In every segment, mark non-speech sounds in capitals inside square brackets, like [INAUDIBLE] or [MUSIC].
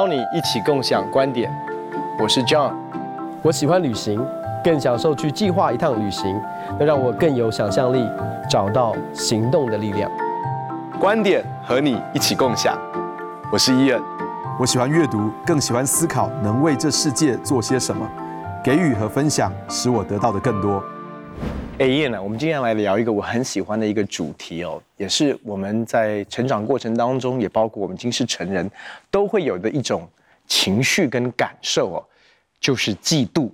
邀你一起共享觀點，我是 John，我喜歡旅行，更享受去計劃一趟旅行，那讓我更有想象力，找到行動的力量。觀點和你一起共享，我是 Ian，、e、我喜歡閱讀，更喜歡思考能為這世界做些什麼，給予和分享使我得到的更多。哎，燕呢？我們今天來聊一個我很喜歡的一個主題哦，也是我們在成長過程當中，也包括我們已經是成人，都會有的一種情緒跟感受哦，就是嫉妒。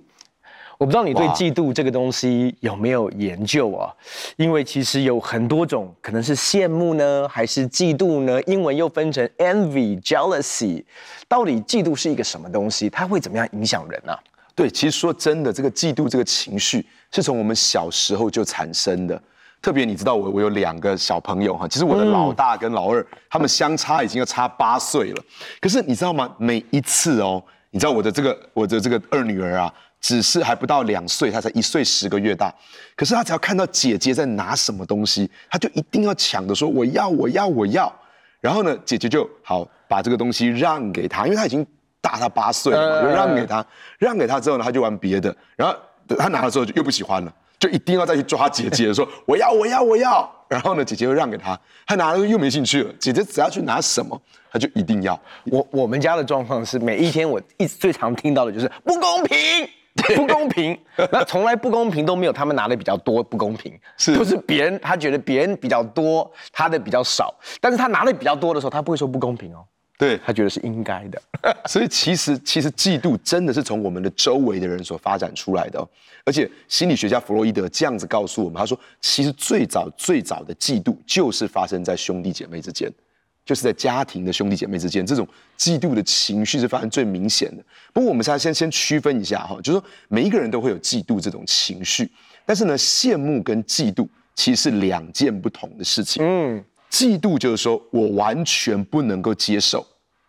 我不知道你對嫉妒這個東西有沒有研究啊、哦？因為其實有很多種，可能是羨慕呢，還是嫉妒呢？英文又分成 envy、jealousy，到底嫉妒是一個什麼東西？它會怎麼樣影響人啊？對，其實說真的，這個嫉妒這個情緒是從我們小時候就產生的。特別你知道我我有兩個小朋友哈，其實我的老大跟老二，他們相差已經要差八歲了。可是你知道嗎？每一次哦，你知道我的這個我的這個二女兒啊，只是還不到兩歲，她才一歲十個月大。可是她只要看到姐姐在拿什麼東西，她就一定要搶著說，我要我要我要。然後呢，姐姐就好把這個東西讓給她，因為她已經，大他八歲，我讓給他，讓給他之後呢，他就玩別的，然後他拿的時候就又不喜歡了，就一定要再去抓姐姐說，說我要我要我要，然後呢，姐姐又讓給他，他拿了又沒興趣了。姐姐只要去拿什麼，他就一定要。我我們家的狀況是，每一天我一直最常聽到的就是不公平，對 不公平。那從來不公平都沒有，他們拿的比較多，不公平都是別人，他覺得別人比較多，他的比較少。但是他拿的比較多的時候，他不會說不公平哦。對，他覺得是應該的， [LAUGHS] 所以其實其實嫉妒真的是從我們的周圍的人所發展出來的哦，而且心理學家弗洛伊德，這樣子告訴我們，他說其實最早最早的嫉妒就是發生在兄弟姐妹之間，就是在家庭的兄弟姐妹之間，這種嫉妒的情緒是發生最明顯的。不過我們現在先先區分一下哈、哦，就是說每一個人都會有嫉妒這種情緒，但是呢，羨慕跟嫉妒其實是兩件不同的事情。嗯。嫉妒就是說我完全不能夠接受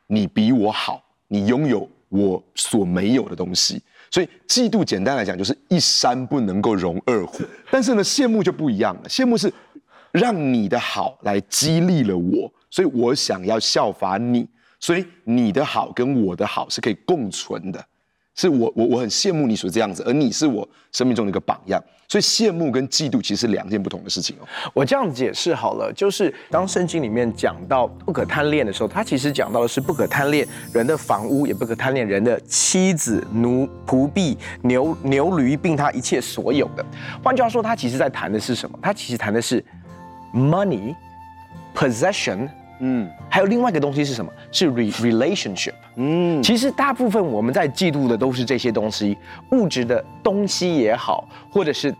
你比我好，你擁有我所沒有的東西。所以嫉妒簡單來講就是一山不能夠容二虎。但是呢，羨慕就不一樣了。羨慕是讓你的好來激勵了我，所以我想要效法你。所以你的好跟我的好是可以共存的。是我我我很羨慕你所這樣子，而你是我生命中的一個榜樣，所以羨慕跟嫉妒其實是兩件不同的事情哦。我這樣子解釋好了，就是當聖經裡面講到不可貪戀的時候，他其實講到的是不可貪戀人的房屋，也不可貪戀人的妻子、奴僕婢、牛牛驢，並他一切所有的。換句話說，他其實在談的是什麼？他其實談的是 money possession。嗯，還有另外一個東西是什麼？是 re, relationship。嗯，其實大部分我們在嫉妒的都是這些東西，物質的東西也好，或者是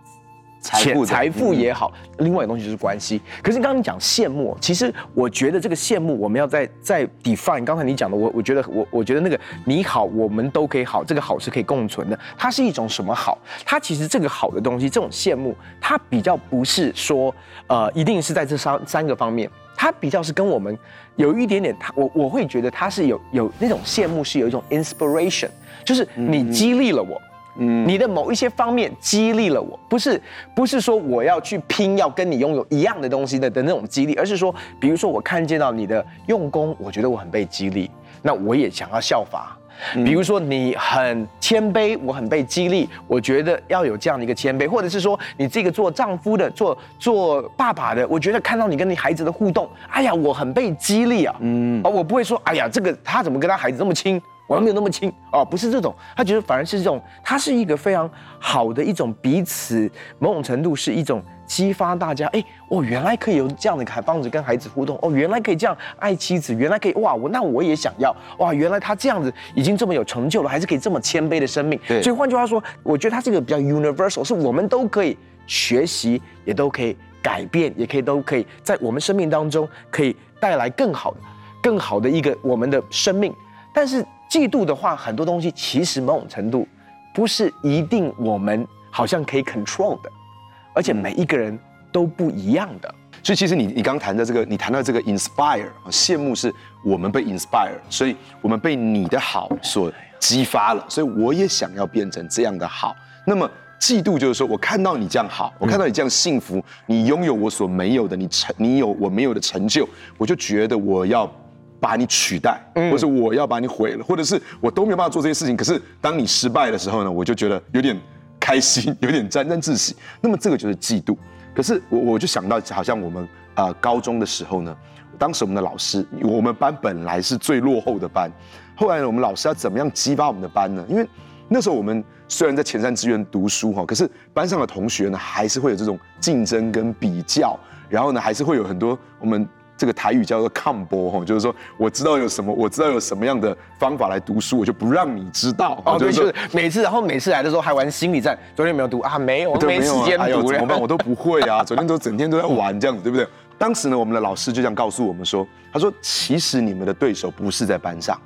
財富、財富也好，嗯，另外一個東西就是關係。可是剛剛你講羨慕，其實我覺得這個羨慕，我們要再再 define。剛才你講的，我我覺得我我覺得那個你好，我們都可以好，這個好是可以共存的。它是一種什麼好？它其實這個好的東西，這種羨慕，它比較不是說，呃，一定是在這三三個方面。他比較是跟我們有一點點他，他我我會覺得他是有有那種羨慕，是有一種 inspiration，就是你激勵了我，嗯，你的某一些方面激勵了我，不是不是說我要去拼，要跟你擁有一樣的東西的的那種激勵，而是說，比如說我看見到你的用功，我覺得我很被激勵，那我也想要效法。比如說你很謙卑，我很被激勵。我覺得要有這樣的一個謙卑，或者是說你這個做丈夫的、做做爸爸的，我覺得看到你跟你孩子的互動，哎呀，我很被激勵啊。嗯，而，我不會說，哎呀，這個他怎麼跟他孩子那麼親，我還沒有那麼親。哦，不是這種，他覺得反而是這種，他是一個非常好的一種彼此，某種程度是一種。激發大家，哎、欸，哦，原來可以有這樣的一個方式跟孩子互動，哦，原來可以這樣愛妻子，原來可以，哇，我那我也想要，哇，原來他這樣子已經這麼有成就了，還是可以這麼謙卑的生命。對。所以換句話說，我覺得他這個比較 universal，是我們都可以學習，也都可以改變，也可以都可以在我們生命當中可以帶來更好的、更好的一個我們的生命。但是嫉妒的話，很多東西其實某種程度不是一定我們好像可以 control 的。而且每一個人都不一樣的，所以其實你你剛談到這個，你談到這個 inspire，羨慕是我們被 inspire，所以我們被你的好所激發了，所以我也想要變成這樣的好。那麼嫉妒就是說我看到你這樣好，我看到你這樣幸福，你擁有我所沒有的，你成你有我沒有的成就，我就覺得我要把你取代，或者我要把你毀了，或者是我都沒有辦法做這些事情。可是當你失敗的時候呢，我就覺得有點。開心，有點沾沾自喜，那麼這個就是嫉妒。可是我我就想到，好像我們啊、呃、高中的時候呢，當時我們的老師，我們班本來是最落後的班，後來呢我們老師要怎麼樣激發我們的班呢？因為那時候我們雖然在前三志願讀書哈，可是班上的同學呢，還是會有這種競爭跟比較，然後呢，還是會有很多我們。這個台語叫做抗波吼，就是說我知道有什麼，我知道有什麼樣的方法來讀書，我就不讓你知道。哦，對，就是每次，然後每次來的時候還玩心理戰。昨天沒有讀啊？沒有，我都沒時間讀有，怎麼辦？我都不會啊。昨天都整天都在玩這樣子，嗯、對不對？當時呢，我們的老師就這樣告訴我們說：“他說其實你們的對手不是在班上，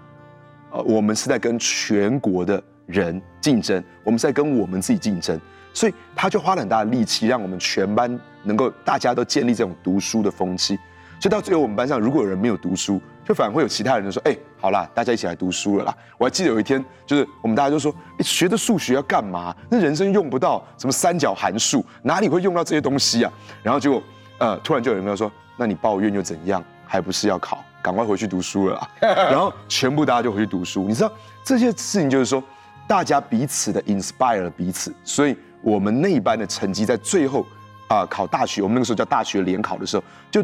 我們是在跟全國的人競爭，我們是在跟我們自己競爭。”所以他就花了很大的力氣，讓我們全班能夠大家都建立這種讀書的風氣。就到最後，我們班上如果有人沒有讀書，就反而會有其他人就說：“哎、欸，好啦，大家一起來讀書了啦！”我還記得有一天，就是我們大家都說：“你、欸、學的數學要幹嘛？那人生用不到，什麼三角函數，哪裡會用到這些東西啊？”然後結果，呃，突然就有人就說：“那你抱怨又怎樣？還不是要考，趕快回去讀書了啊！”然後全部大家就回去讀書。你知道這些事情，就是說大家彼此的 inspire 彼此，所以我們那一班的成績在最後啊、呃，考大學，我們那個時候叫大學聯考的時候，就。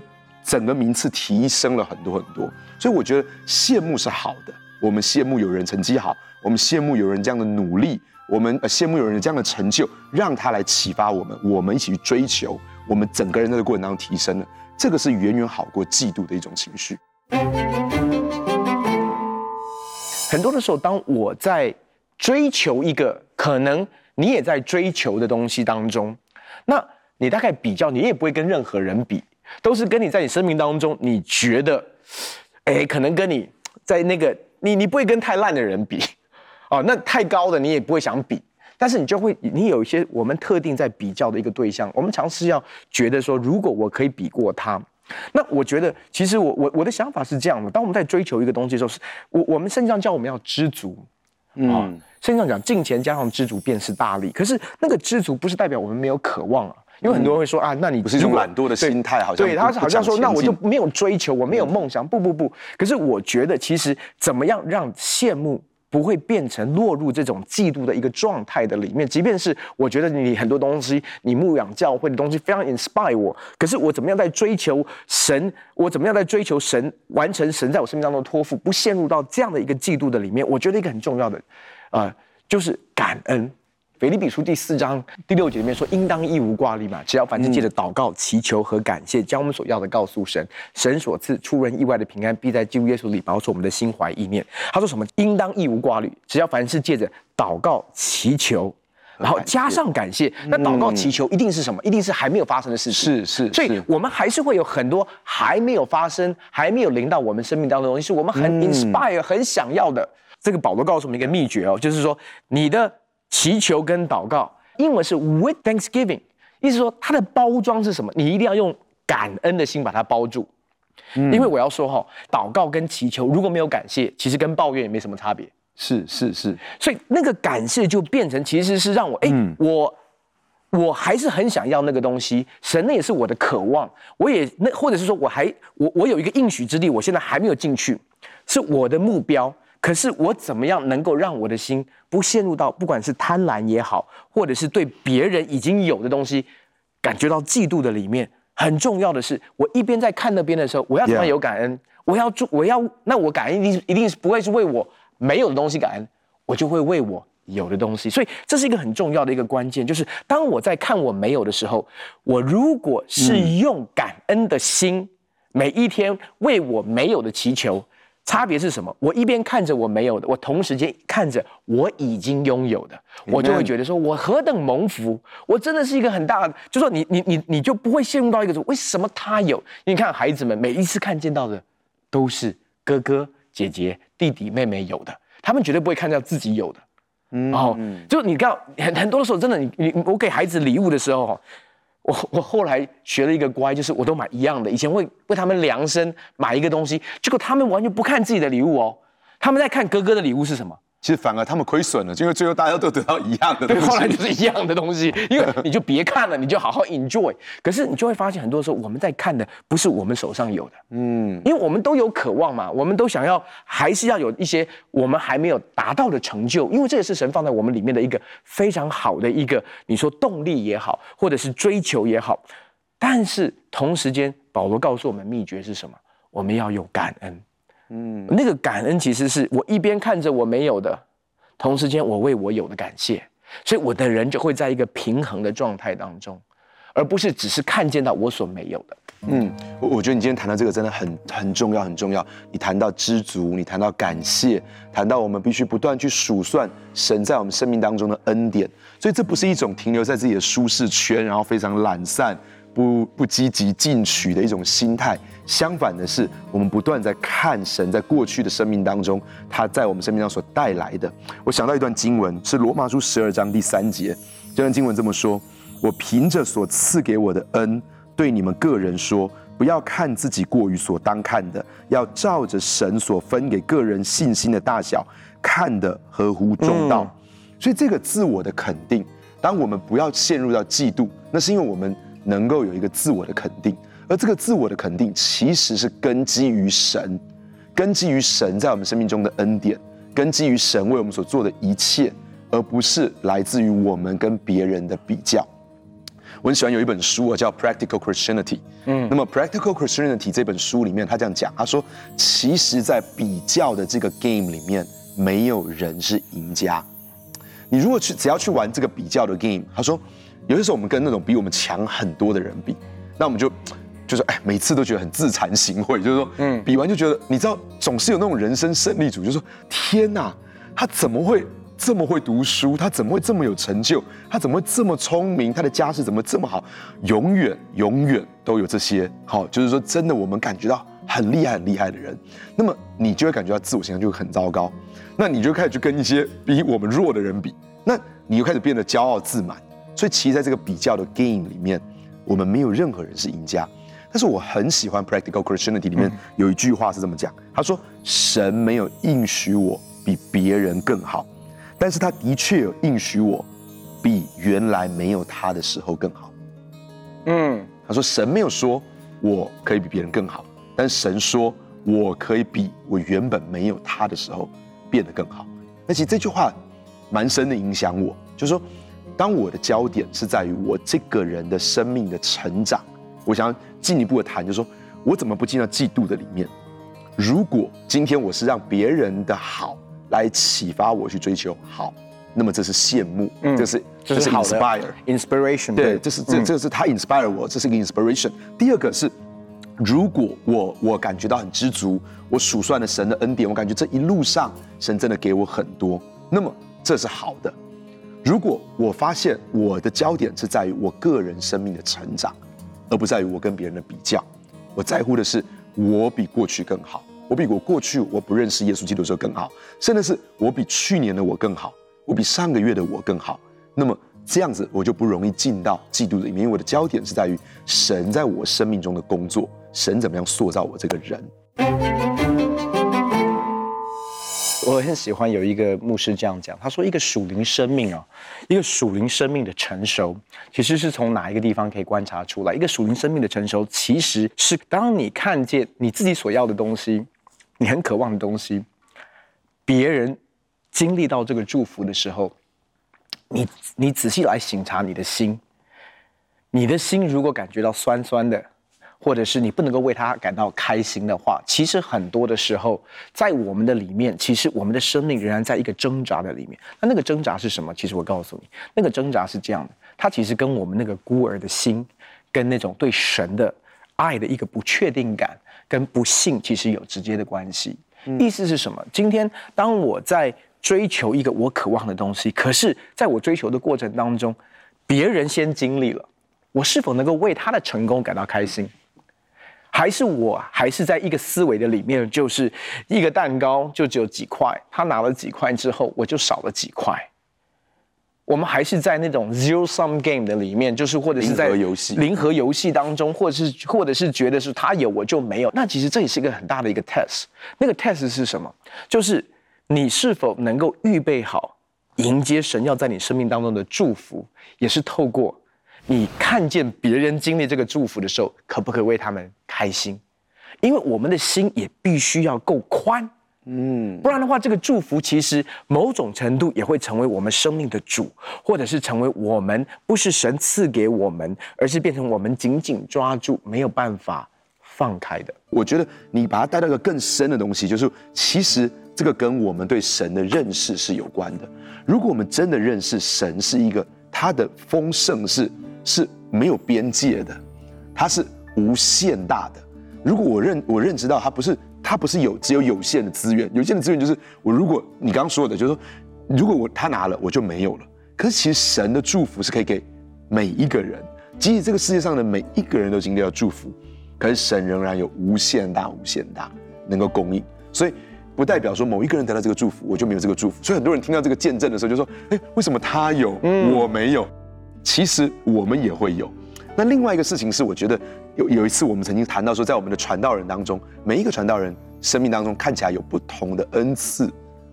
整個名次提升了很多很多，所以我覺得羨慕是好的。我們羨慕有人成績好，我們羨慕有人這樣的努力，我們呃羨慕有人這樣的成就，讓他來啟發我們，我們一起去追求。我們整個人在這過程當中提升了，這個是遠遠好過嫉妒的一種情緒。很多的時候，當我在追求一個可能你也在追求的東西當中，那你大概比較，你也不會跟任何人比。都是跟你在你生命當中你覺得，誒、欸，可能跟你在那個你你不會跟太爛的人比，哦，那太高的你也不會想比，但是你就會你有一些我們特定在比較的一個對象，我們嘗試要覺得說，如果我可以比過他，那我覺得其實我我我的想法是這樣的：當我們在追求一個東西的時候，是我我們聖經上叫我們要知足，哦、嗯，聖經上講，敬虔加上知足便是大利。可是那個知足不是代表我們沒有渴望啊。因為很多人會說啊，那你不是一種懶惰的心態？對好像對他是好像說，那我就沒有追求，我沒有夢想。不不不，不，可是我覺得其實怎麼樣讓羨慕不會變成落入這種嫉妒的一個狀態的裡面？即便是我覺得你很多東西，你牧養教會的東西非常 inspire 我，可是我怎麼樣在追求神？我怎麼樣在追求神，完成神在我生命當中的托付？不陷入到這樣的一個嫉妒的裡面？我覺得一個很重要的，啊、呃，就是感恩。腓立比書第四章第六節裡面說：“應當一無掛慮嘛，只要凡事借着禱告、祈求和感謝，將我們所要的告訴神，神所賜出人意外的平安，必在基督耶穌裡保守我們的心懷意念。”他說什麼？應當一無掛慮，只要凡事借着禱告、祈求，然後加上感謝。那禱告、祈求一定是什麼？一定是還沒有發生的事。是是，所以我們還是會有很多還沒有發生、還沒有臨到我們生命當中的東西，是我們很 inspire、很想要的。這個保羅告訴我們一個秘訣哦，就是說你的。祈求跟禱告，英文是 with Thanksgiving，意思說它的包裝是什麼？你一定要用感恩的心把它包住。嗯、因為我要說哈、哦，禱告跟祈求如果沒有感謝，其實跟抱怨也沒什麼差別。是是是，是是，所以那個感謝就變成其實是讓我誒，欸嗯、我，我還是很想要那個東西，神，那也是我的渴望，我也那或者是說我還我我有一個應許之地，我現在還沒有進去，是我的目標。可是我怎麼樣能夠讓我的心不陷入到不管是貪婪也好，或者是對別人已經有的東西感覺到嫉妒的裡面？很重要的是，我一邊在看那邊的時候，我要怎樣有感恩。我要做，我要那我感恩一定一定是不會是為我沒有的東西感恩，我就會為我有的東西。所以這是一個很重要的一個關鍵，就是當我在看我沒有的時候，我如果是用感恩的心，每一天為我沒有的祈求。差別是什麼？我一邊看着我沒有的，我同時間看着我已經擁有的，我就會覺得說我何等蒙福！我真的是一個很大的，就說你你你你就不會陷入到一個為什麼他有。你看孩子們每一次看見到的都是哥哥姐姐弟弟妹妹有的，他們絕對不會看到自己有的。哦，就你看很很多時候，真的你你我給孩子禮物的時候哈。我我後來學了一個乖，就是我都買一樣的。以前會為，為他們量身買一個東西，結果他們完全不看自己的禮物哦，他們在看哥哥的禮物是什麼？其實反而他們虧損了，因為最後大家都得到一樣的東西，對，後來就是一樣的東西。因為你就別看了， [LAUGHS] 你就好好 enjoy。可是你就會發現，很多時候我們在看的不是我們手上有的，嗯，因為我們都有渴望嘛，我們都想要，還是要有一些我們還沒有達到的成就。因為這是神放在我們裡面的一個非常好的一個，你說動力也好，或者是追求也好。但是同時間，保羅告訴我們祕訣是什麼？我們要有感恩。嗯，那個感恩其實是我一邊看着我沒有的，同時間我為我有的感謝，所以我的人就會在一個平衡的狀態當中，而不是只是看見到我所沒有的。嗯，我我覺得你今天談到這個真的很很重要，很重要。你談到知足，你談到感謝，談到我們必須不斷去數算神在我們生命當中的恩典，所以這不是一種停留在自己的舒適圈，然後非常懶散。不不積極進取的一種心態，相反的是，我們不斷在看神在過去的生命當中，他在我們生命當中所帶來的。我想到一段經文，是羅馬書十二章第三節，這段經文這麼說：“我憑着所賜給我的恩，對你們個人說，不要看自己過於所當看的，要照着神所分給個人信心的大小，看的合乎中道。”所以這個自我的肯定，當我們不要陷入到嫉妒，那是因為我們。能夠有一個自我的肯定，而這個自我的肯定其實是根基於神，根基於神在我們生命中的恩典，根基於神為我們所做的一切，而不是來自於我們跟別人的比較。我很喜歡有一本書啊、喔，叫《Practical Christianity》。嗯，那麼《Practical Christianity》這本書裡面，他這樣講，他說，其實，在比較的這個 game 裡面，沒有人是贏家。你如果去，只要去玩這個比較的 game，他說。有些時候，我們跟那種比我們強很多的人比，那我們就就是哎，每次都覺得很自慚形穢，就是說，嗯，比完就覺得，你知道，總是有那種人生勝利組，就是說，天哪，他怎麼會這麼會讀書？他怎麼會這麼有成就？他怎麼會這麼聰明？他的家世怎麼這麼好？永遠永遠都有這些，好，就是說，真的，我們感覺到很厲害很厲害的人，那麼你就會感覺到自我形象就很糟糕，那你就開始去跟一些比我們弱的人比，那你就開始變得驕傲自滿。所以，其實在這個比較的 game 裡面，我們沒有任何人是贏家。但是我很喜歡 Practical Christianity 裡面有一句話是這麼講：他說，神沒有應許我比別人更好，但是他的確有應許我比原來沒有他的時候更好。嗯，他說，神沒有說我可以比別人更好，但是神說我可以比我原本沒有他的時候變得更好。而且這句話蠻深的影響我，就是說。當我的焦點是在於我這個人的生命的成長，我想要進一步的談，就是說我怎麼不進到嫉妒的裡面？如果今天我是讓別人的好來啟發我去追求好，那麼這是羨慕、嗯，這是這是好的 inspire inspiration。對，這是這是、嗯、這是他 inspire 我，這是一個 inspiration。第二個是，如果我我感覺到很知足，我數算了神的恩典，我感覺這一路上神真的給我很多，那麼這是好的。如果我發現我的焦點是在於我個人生命的成長，而不在於我跟別人的比較，我在乎的是我比過去更好，我比我過去我不認識耶穌基督的時候更好，甚至是我比去年的我更好，我比上個月的我更好，那麼這樣子我就不容易進到嫉妒的裡面，因為我的焦點是在於神在我生命中的工作，神怎麼樣塑造我這個人。我很喜歡有一個牧師這樣講，他說：“一個屬靈生命啊、哦，一個屬靈生命的成熟，其實是從哪一個地方可以觀察出來？一個屬靈生命的成熟，其實是當你看見你自己所要的東西，你很渴望的東西，別人經歷到這個祝福的時候，你你仔細來省察你的心，你的心如果感覺到酸酸的。”或者是你不能夠為他感到開心的話，其實很多的時候，在我們的裡面，其實我們的生命仍然在一個掙扎的裡面。那那個掙扎是什麼？其實我告訴你，那個掙扎是這樣的，它其實跟我們那個孤兒的心，跟那種對神的愛的一個不確定感跟不信，其實有直接的關係。嗯、意思是什麼？今天當我在追求一個我渴望的東西，可是在我追求的過程當中，別人先經歷了，我是否能夠為他的成功感到開心？嗯還是我還是在一個思維的裡面，就是一個蛋糕就只有幾塊，他拿了幾塊之後，我就少了幾塊。我們還是在那種 zero sum game 的裡面，就是或者是在零和遊戲當中，或者是或者是覺得是他有我就沒有。那其實這也是一個很大的一個 test，那個 test 是什麼？就是你是否能夠預備好迎接神要在你生命當中的祝福，也是透過你看見別人經歷這個祝福的時候，可不可以為他們？開心，因為我們的心也必須要夠寬，嗯，不然的話，這個祝福其實某種程度也會成為我們生命的主，或者是成為我們不是神賜給我們，而是變成我們緊緊抓住沒有辦法放開的。我覺得你把它帶到一個更深的東西，就是其實這個跟我們對神的認識是有關的。如果我們真的認識神是一個，他的豐盛是是沒有邊界的，他是。無限大的，如果我認我認知到他不是他不是有只有有限的資源，有限的資源就是我，如果你剛剛說的，就是說如果我他拿了我就沒有了。可是其實神的祝福是可以給每一個人，即使這個世界上的每一個人都已經得到祝福，可是神仍然有無限大無限大能夠供應。所以不代表說某一個人得到這個祝福，我就沒有這個祝福。所以很多人聽到這個見證的時候就說：“哎，為什麼他有我沒有？”嗯、其實我們也會有。那另外一個事情是，我覺得有有一次我們曾經談到說，在我們的傳道人當中，每一個傳道人生命當中看起來有不同的恩賜，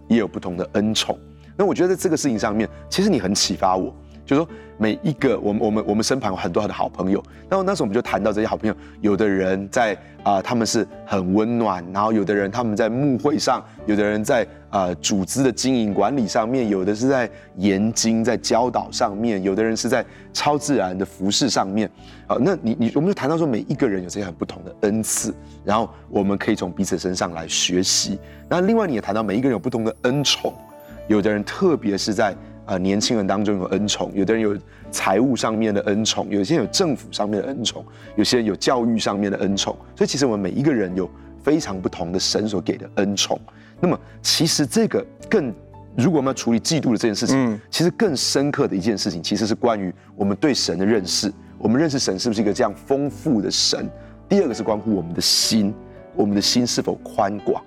也有不同的恩寵。那我覺得在這個事情上面，其實你很啟發我。就是說每一個我們我們我們身旁有很多很多好朋友，然後，那時候我們就談到這些好朋友，有的人在啊，他們是很溫暖，然後有的人他們在幕會上，有的人在啊組織的經營管理上面，有的是在研經在教導上面，有的人是在超自然的服事上面，啊，那你你我們就談到說每一個人有這些很不同的恩賜，然後我們可以從彼此身上來學習。那另外你也談到每一個人有不同的恩寵，有的人特別是在。呃，年輕人當中有恩寵，有的人有財務上面的恩寵，有些人有政府上面的恩寵，有些人有教育上面的恩寵。所以，其實我們每一個人有非常不同的神所給的恩寵。那麼，其實這個更，如果我們要處理嫉妒的這件事情，其實更深刻的一件事情，其實是關於我們對神的認識。我們認識神是不是一個這樣豐富的神？第二個是關乎我們的心，我們的心是否寬廣？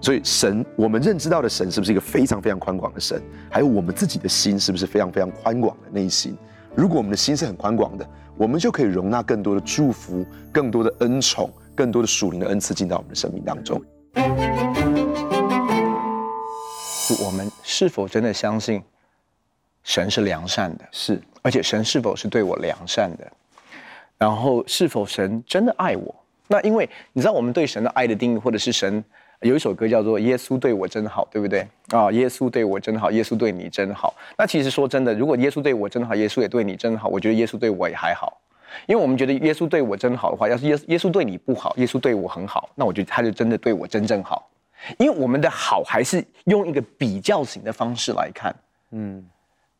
所以神，神我們認知到的神是不是一個非常非常寬廣的神？還有我們自己的心是不是非常非常寬廣的內心？如果我們的心是很寬廣的，我們就可以容納更多的祝福、更多的恩寵、更多的屬靈的恩賜進到我們的生命當中。我們是否真的相信神是良善的？是，而且神是否是對我良善的？然後，是否神真的愛我？那因為你知道，我們對神的愛的定義，或者是神。有一首歌叫做《耶穌對我真好》，對不對啊？耶穌對我真好，耶穌對你真好。那其實說真的，如果耶穌對我真好，耶穌也對你真好，我覺得耶穌對我也還好。因為我們覺得耶穌對我真好的話，要是耶耶穌對你不好，耶穌對我很好，那我覺得他就真的對我真正好。因為我們的好還是用一個比較型的方式來看，嗯，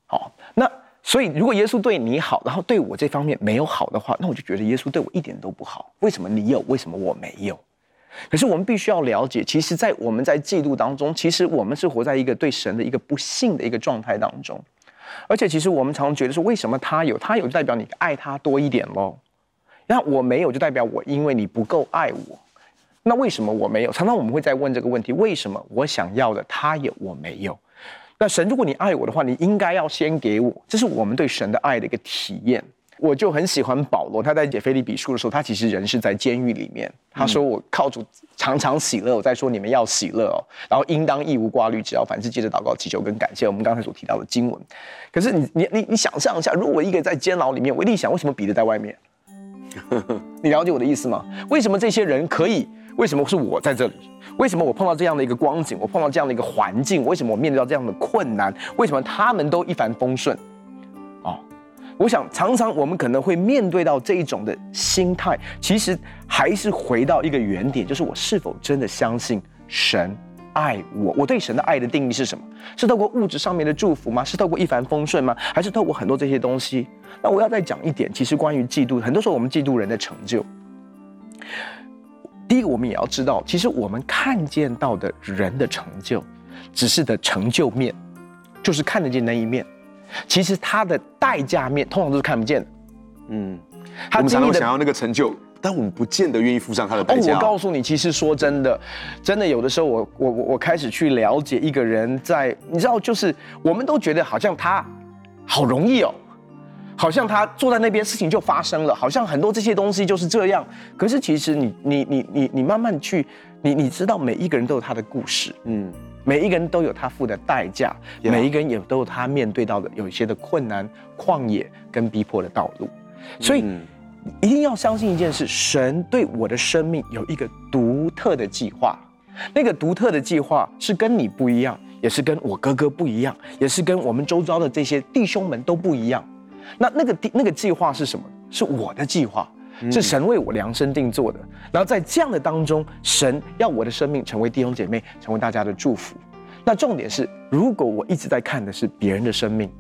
好。那所以如果耶穌對你好，然後對我這方面沒有好的話，那我就覺得耶穌對我一點都不好。為什麼你有，為什麼我沒有？可是我們必須要了解，其實，在我們在嫉妒當中，其實我們是活在一個對神的一個不信的一個狀態當中。而且，其實我們常常覺得說，為什麼他有，他有就代表你愛他多一點嘍？那我沒有就代表我因為你不夠愛我？那為什麼我沒有？常常我們會在問這個問題：為什麼我想要的他有，我沒有？那神，如果你愛我的話，你應該要先給我。這是我們對神的愛的一個體驗。我就很喜歡保羅，他在寫腓利比書的時候，他其實人是在監獄裡面。他說：“我靠主常常喜樂。”我在說你們要喜樂、哦，然後應當一無掛慮，只要凡事藉著禱告、祈求跟感謝。我們剛才所提到的經文。可是你你你你想象一下，如果一個人在監牢裡面，我一定想為什麼彼得在外面？你了解我的意思嗎？為什麼這些人可以？為什麼是我在這裡？為什麼我碰到這樣的一個光景？我碰到這樣的一個環境？為什麼我面對到這樣的困難？為什麼他們都一帆風順？我想，常常我們可能會面對到這一種的心態，其實還是回到一個原點，就是我是否真的相信神愛我？我對神的愛的定義是什麼？是透過物質上面的祝福嗎？是透過一帆風順嗎？還是透過很多這些東西？那我要再講一點，其實關於嫉妒，很多時候我們嫉妒人的成就。第一個我們也要知道，其實我們看見到的人的成就，只是的成就面，就是看得見那一面。其實他的代價面通常都是看不見的，嗯，我們常常想要那個成就，但我們不見得願意付上他的代價。哦，我告訴你，其實說真的，真的有的時候我，我我我我開始去了解一個人在，在你知道，就是我們都覺得好像他好容易哦，好像他坐在那邊事情就發生了，好像很多這些東西就是這樣。可是其實你你你你你慢慢去。你你知道每一個人都有他的故事，嗯，每一個人都有他付的代價，啊、每一個人也都有他面對到的有一些的困難、曠野跟逼迫的道路，所以、嗯、一定要相信一件事：神對我的生命有一個獨特的計劃，那個獨特的計劃是跟你不一樣，也是跟我哥哥不一樣，也是跟我們周遭的這些弟兄們都不一樣。那那個地那個計劃是什麼？是我的計劃。是神為我量身定做的。然後在這樣的當中，神要我的生命成為弟兄姐妹，成為大家的祝福。那重點是，如果我一直在看的是別人的生命，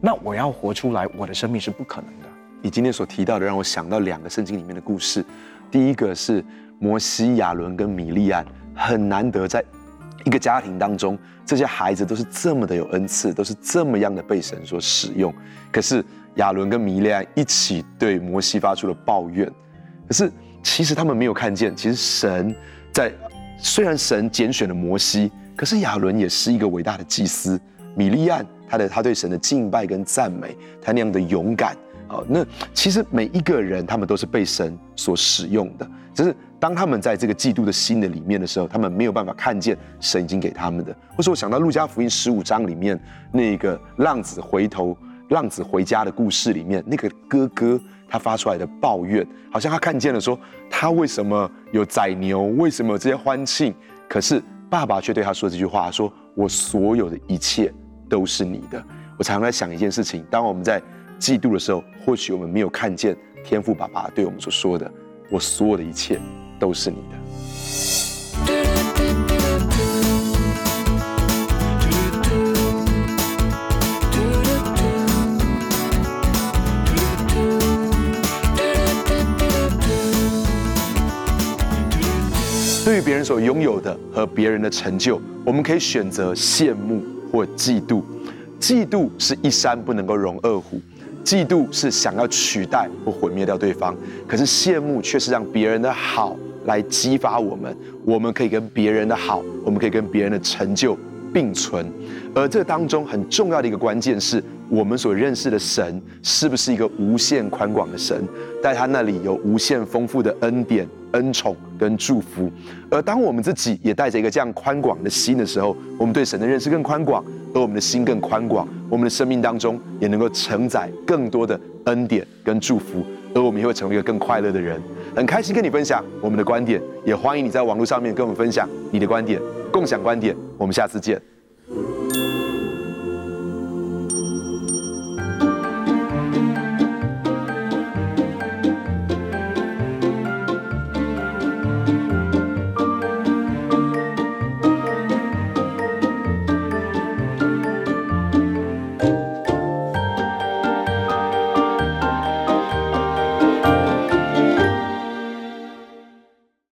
那我要活出來我的生命是不可能的。你今天所提到的，讓我想到兩個聖經裡面的故事，第一個是摩西亞倫跟米利暗，很難得在。一個家庭當中，這些孩子都是這麼的有恩賜，都是這麼樣的被神所使用。可是亞倫跟米利安一起對摩西發出了抱怨。可是其實他們沒有看見，其實神在，雖然神揀選了摩西，可是亞倫也是一個偉大的祭司。米利安他的、他對神的敬拜跟讚美，他那樣的勇敢、哦，那其實每一個人他們都是被神所使用的，只是。當他們在這個嫉妒的心的裡面的時候，他們沒有辦法看見神已經給他們的。或是我想到路加福音十五章裡面那個浪子回頭、浪子回家的故事裡面，那個哥哥他發出來的抱怨，好像他看見了說，他為什麼有宰牛，為什麼有這些歡慶，可是爸爸卻對他說這句話：說我所有的一切都是你的。我常常在想一件事情，當我們在嫉妒的時候，或許我們沒有看見天父爸爸對我們所說的，我所有的一切。都是你的。對於別人所擁有的和別人的成就，我們可以選擇羨慕或嫉妒。嫉妒是一山不能夠容二虎，嫉妒是想要取代或毀滅掉對方。可是羨慕卻是讓別人的好，來激發我們，我們可以跟別人的好，我們可以跟別人的成就並存。而這當中很重要的一個關鍵是，是我們所認識的神是不是一個無限寬廣的神，在他那裡有無限豐富的恩典、恩寵跟祝福。而當我們自己也帶着一個這樣寬廣的心的時候，我們對神的認識更寬廣，而我們的心更寬廣，我們的生命當中也能夠承載更多的恩典跟祝福。而我們也會成為一個更快樂的人。很開心跟你分享我們的觀點，也歡迎你在網絡上面跟我們分享你的觀點，共享觀點。我們下次見。